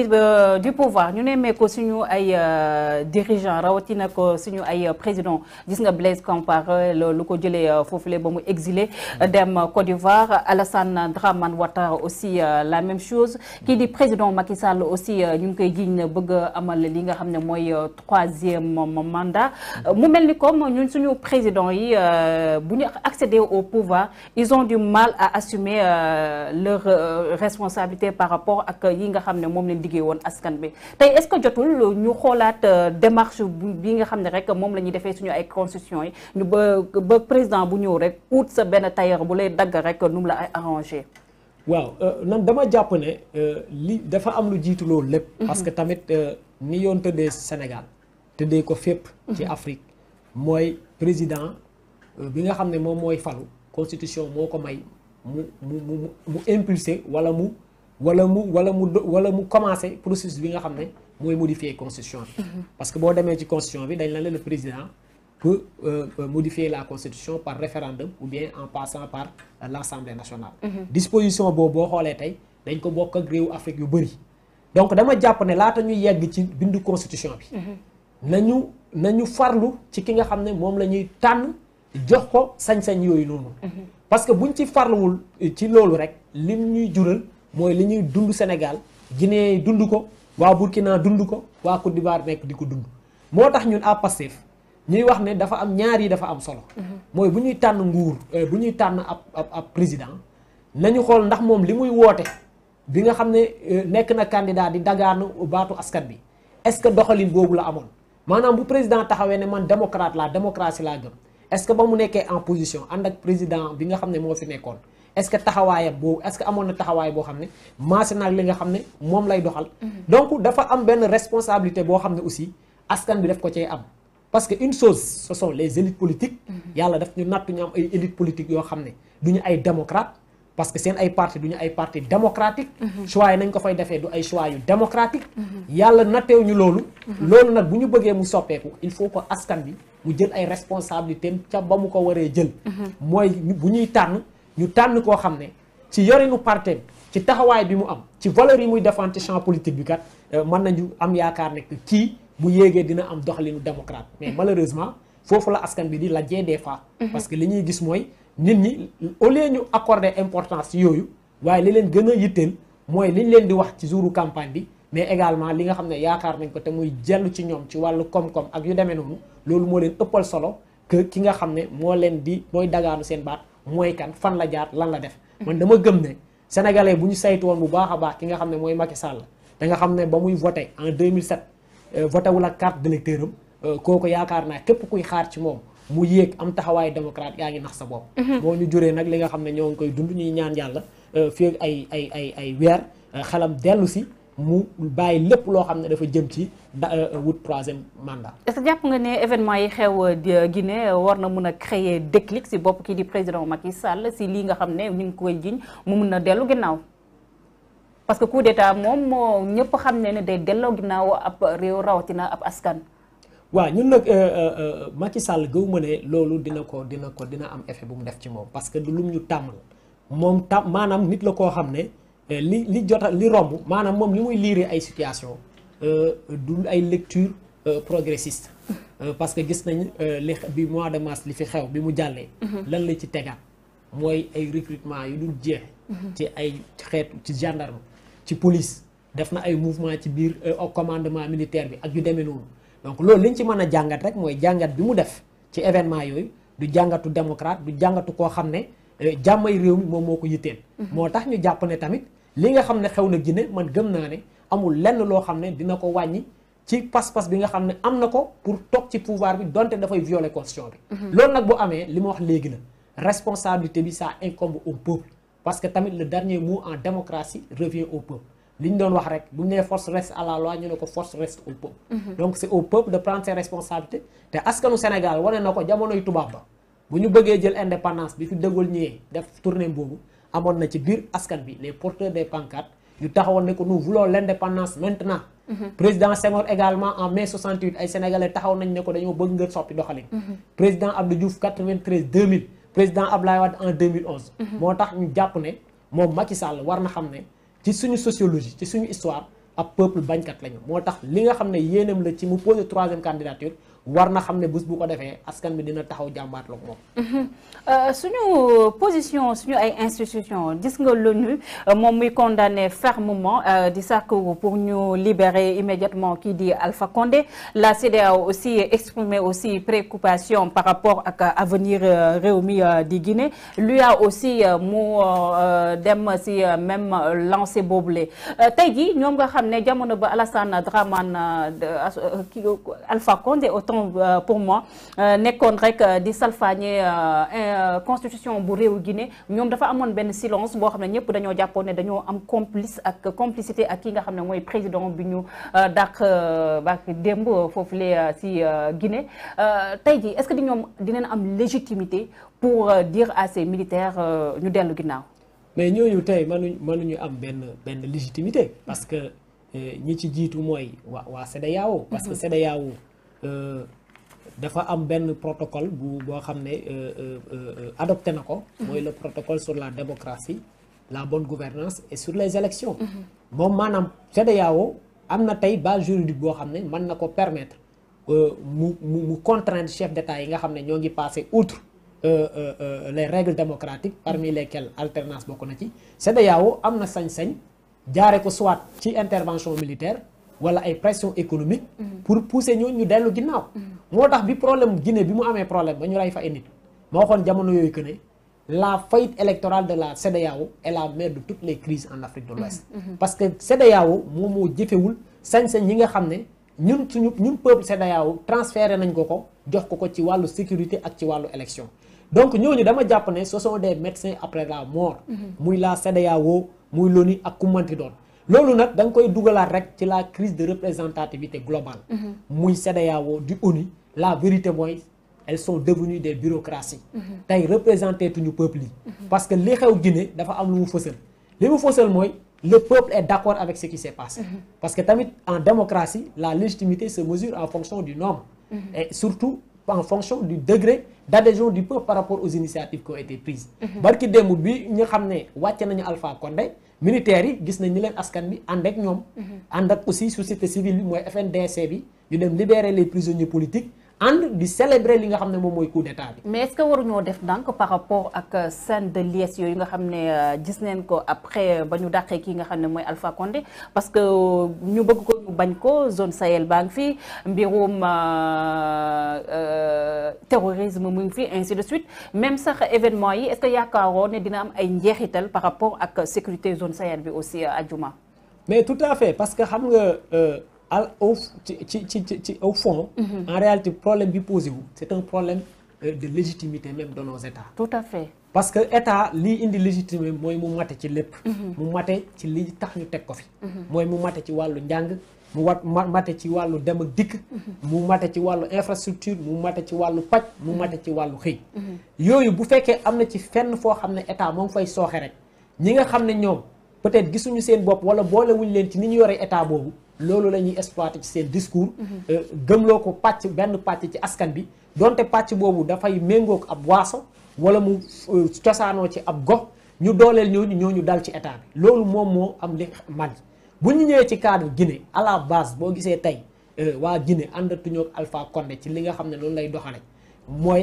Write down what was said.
Euh, du pouvoir ñu ne mee ko suñu ay euh, dirigeant rawatina ko suñu ay euh, président gis nga Blaise Compaoré lu ko jëlee foofule ba mu exilé mm. dem Côte d'Ivoire Alassane Dramane Ouattara aussi la même chose mm. kii di président Macky Sall aussi ñu ngi koy jiiñ na bëgg amal li nga xam ne mooy troisième mandat mm. mu mel ni comme ñun suñu président yi bu ñu accédé au pouvoir ils ont du mal à assumer leur responsabilité par rapport ak yi nga xam ne moom liggéey woon askan bi tey est-ce que jotul ñu xoolaat euh, démarche bi nga xam ne rek moom la ñuy defee suñu ay constitution yi ñu ba ba président bu ñëw rek ut sa benn tailleur bu lay dagg rek nu mu la ay arrangé waaw nan euh, dama jàpp ne euh, li dafa am lu jiitu loolu lépp mhm. parce que tamit ni yoon tëddee Sénégal tëddee ko fépp ci mhm. Afrique mooy président bi nga xam ne moom mooy falu constitution moo ko may mu mu mu mu impulsé wala mu wala mu wala mu wala mu commencé processus bi nga xam ne mooy modifier constitution bi. Mhm. parce que boo demee ci constitution bi dañ la le président peut euh, euh, modifier la constitution par référendum ou bien en passant par euh, l'Assemblée nationale. Mhm. disposition boobu boo xoolee tey dañ ko bokk ak réewu Afrique yu bëri. donc dama jàpp ne laata ñu yegg ci bindu constitution bi. Mhm. nañu nañu farlu ci ki nga xam ne moom la ñuy tànn jox ko sañ-sañ yooyu noonu. parce que buñ ci farluwul ci loolu rek lim ñuy jural. mooy li ñuy dund Sénégal Guinée dund ko waa naa dund ko waa Côte d'Ivoire nekk di ko dund moo tax ñun à Pastef ñuy wax ne dafa am ñaari dafa am solo mhm. mooy bu ñuy tànn nguur euh, bu ñuy tànn ab ab ab président nañu xool ndax moom li muy woote bi nga xam ne euh, nekk na candidat di dagaanu baatu askan bi est-ce que doxalin boobu la amoon maanaam bu président taxawee ne man démocrate la démocratie laa gëm est-ce que ba mu nekkee en position ànd ak président bi nga xam ne moo fi nekkoon est-ce que taxawaayam boobu est-ce que amoon na taxawaay boo xam ne maase naag li nga xam ne moom lay doxal. Mhm. donc dafa am benn responsabilité boo xam ne aussi askan bi def ko cee am. parce que une chose ce les élites politiques. Mhm. yàlla def ñu natt ñu am ay élites politiques yoo xam ne du ñu ay démocrate parce que seen ay parti du ñu ay parti démocratique mhm. choix yi nañ ko fay defee du ay choix yu démocratique yàlla natteew ñu loolu loolu nag bu ñu bëggee mu soppeeku il faut que askan bi mu jël ay responsabilités ca ba mu ko waree jël ñuy tànn ñu tànn koo xam ne ci yorinu parteem ci taxawaay bi mu am ci valeur yi muy défendre champ politique bi kat euh, mën ñu am yaakaar ne kii bu yéegee dina am doxalinu démocrate mais mhm. malheureusement foofu la askan bi di la jee des fois. Mhm. parce que li ñuy gis mooy nit ñi au lieu ñu accorder importance yooyu waaye li leen gën a yitteel mooy liñ leen di wax ci jouru campagne bi mais également li nga xam ne yaakaar nañ ko te muy jellu ci ñoom ci wàllu koom ak yu demee noonu loolu moo leen ëppal solo ki nga xam ne moo leen di mooy dagaanu seen baat. mooy kan fan la jaar lan la def man dama gëm ne sénégalais bu ñu saytu woon bu baax a baax ki nga xam ne mooy Macky Sall da nga xam ne ba muy voté en 2007 euh, voté wul ak carte d'électeur am euh, kooku yaakaar naa képp kuy xaar ci moom mu yéeg am taxawaayu démocrate yaa ngi nax sa bopp mhm. moo ñu juree nag li nga xam ne ñoo ngi koy dund ñuy ñaan yàlla euh, fii ay ay ay ay weer xelam dellu si mu bàyyi lépp loo xam ne dafa jëm ci da euh, wut troisième mandat. est-ce que jàpp nga ne événement yi xew euh, euh, Guinée war na mun a créer déclic si bopp kii di président Macky Sall si lii nga xam ne ñu ngi koy jiñ mu mun na dellu ginnaaw parce que coup d'état moom moo ñëpp xam ne ne day delloo ginnaaw ab réew rawatina ab askan. waaw ñun nag Macky Sall gëw loolu dina ko dina ko dina am effet bu mu def ci moom parce que lu mu ñu tàmmal moom tam maanaam nit la koo xam ne. Euh, li li jota li romb maanaam moom li muy liire ay situation euh, du ay lecture euh, progressiste parce que gis nañ li bi mois de mars li fi xew bi mu jàllee mhm. lan la ci tegaat mooy ay recrutement yu dul jeex mhm. ci ay xeetu ci gendarme ci police def na ay mouvement ci biir au commandement militaire bi ak yu demee noonu donc loolu lañ ci mën a jàngat rek mooy jàngat bi mu def ci événement yooyu du jàngatu démocrate du jàngatu koo xam ne Eh, jàmmay réew mi moom moo ko yitteel. Mhm. moo tax ñu jàpp ne tamit li nga xam ne xew na Guinée man gëm naa ne amul lenn loo xam ne dina ko wàññi ci pas-pas bi nga xam ne am na ko pour toog ci pouvoir bi donte dafay violer constitution bi. Mhm. loolu nag bu amee li ma wax léegi la responsabilité bi ça incombe au peuple parce que tamit le dernier mot en démocratie revient au peuple. li ñu doon wax rek bu ñu nee force reste à la loi ñu ne ko force reste au peuple. Mhm. donc te askanu Sénégal wane na ko jamonoy tubaab ba. bu ñu bëggee jël indépendance bi fi dëggal ñëwee def tournée boobu amoon na ci biir askan bi les porteurs des pancartes yu taxawoon ne ko nous voulons l' indépendance maintenant. Mhm. président Senghor également en mai 68 ay sénégalais taxaw nañ ne ko dañoo bëgg nga soppi doxalin. Mhm. président Abdou Diouf 93 mille président Abdoulaye Wade en 2011. Mhm. moo tax ñu jàpp ne moom Macky Sall war na xam ne ci suñu sociologie ci suñu histoire ab peuple bañkat lañu moo tax li nga xam ne yéenam la ci mu posé troisième candidature. war na xam ne bés bu ko defee askan bi dina taxaw jàmbaarloog moom. Euh, suñu position suñu ay institution gis nga l'ONU euh, moom muy condamné fermement euh, di sàkku pour ñu libérer immédiatement kii di Alpha Condé la CEDEAO aussi exprimé aussi préoccupation par rapport ak avenir réew mi di Guinée l'UA aussi mu dem si même lancé boobule tey ji ñoom nga xam ne jamono ba Alassane Dramane Alpha Condé important euh, pour moi euh, nekkoon rek euh, di salfaañe constitution bu réew Guinée ñoom dafa amoon benn silence boo xam ne ñëpp dañoo jàppoon ne dañoo am complice ak complicité ak ki nga xam ne mooy président bi ñu dàq ba démb foofu la si Guinée tey jii est-ce que di ñoom dinañ am légitimité pour dire à ces militaires ñu dellu ginnaaw. mais ñooñu tey mënuñ ñu am benn benn légitimité parce que ñi ci jiitu mooy waa waa CEDEAO parce que mm-hmm. CEDEAO Euh, dafa am benn protocole bu boo xam ne euh, euh, adopté na ko mhm. mooy le protocole sur la démocratie la bon gouvernance et sur les élections mhm. moom maanaam CEDEAO am na tey base juridique boo xam ne mën na ko permettre mu mu mu contraindre chef d'État yi nga xam ne ñoo ngi passé outre les règles démocratiques parmi mhm. lesquelles alternance bokk na ci CEDEAO am na sañ-sañ jaare ko soit ci intervention militaire wala ay pression économique mm-hmm. pour pousser ñoo ñu ginnaaw mm-hmm. moo tax bi problème Guinée bi mu amee problème ba ñu ay nit ma waxoon jamono yooyu que ne la faillite électorale de la CEDEAO est la mère de toutes les crises en Afrique mm-hmm. parce que CEDEAO moom moo jëfewul sañ-sañ yi nga xam ne ñun suñu ñun peuple CEDEAO nañ ko ko jox ko ko ci wàllu sécurité ak ci wàllu élection donc ñooñu dama jàpp ne ce sont des médecins après la mort muy la CEDEAO muy l'ONU ak ku manti doon loolu nag da nga koy dugalaat rek ci la crise de représentativité globale mhm. muy CEDEAO du ONU la vérité mooy elles sont devenues des bureaucraties mhm. tey représenté tuñu peuple yi mhm. parce que li xew Guinée dafa am lu mu fësal li mu fësal mooy le peuple est d'accord avec ce qui s'est passé parce que tamit en démocratie la légitimité se mesure en fonction du nombre et surtout en fonction du degré d'adhésion du peuple par rapport aux initiatives qui ont été prises barki bi ñu xam ne wàcce nañu Alpha Condé militaires yi gis nañ ni leen askan bi ànd ak ñoom. Mhm. ànd ak aussi société civile bi mooy FNDC bi ñu dem libérer les prisonniers politiques ànd di célébrer li nga xam ne moom mooy coup d'état bi. mais est-ce que waruñoo def donc par rapport ak euh, scène de liesse yooyu nga xam ne euh, gis neen ko après euh, ba ñu dàqee kii nga xam ne mooy Alpha Condé parce que ñu bëgg ko. bañ ko zone Sahel baa ngi fi mbirum euh, euh, terrorisme mu ngi fi ainsi de suite même sax événement yi est-ce que yaakaaroo ne dina am ay njeexital par rapport ak sécurité zone Sahel bi aussi àjjuma. Euh, mais tout à fait parce que xam nga al au ci ci ci ci au fond. Mhm. en réalité problème bi posé wu c'est un problème de légitimité même de nos états. tout à fait. parce que état lii indi légitimité mooy mu mate ci lépp. Mhm. mu mate ci li tax ñu teg ko fi. Mhm. mooy mu mate ci wàllu njàng. mu wat mate ci wàllu dem ak dikk mu mate ci wàllu infrastructure mu mate ci wàllu paj mu mate ci wàllu xëy yooyu bu fekkee am na ci fenn foo xam ne état moom fay sooxe rek ñi nga xam ne ñoom peut-être gisuñu seen bopp wala boolewuñ leen ci ni ñu yore état boobu loolu la ñuy exploité ci seen discours mm-hmm. euh, gëmloo ko pàcc benn pàcc ci askan bi donte pàcc boobu dafay méngook ab waaso wala mu euh, cosaanoo ci ab gox ñu dooleel ñooñu ñu dal ci état bi loolu moom moo am li bu ñu ñëwee ci cadre Guinée à la base boo gisee tey euh, waa Guinée àndatuñoo ak Alpha Condé ci li nga xam ne loolu lay doxale mooy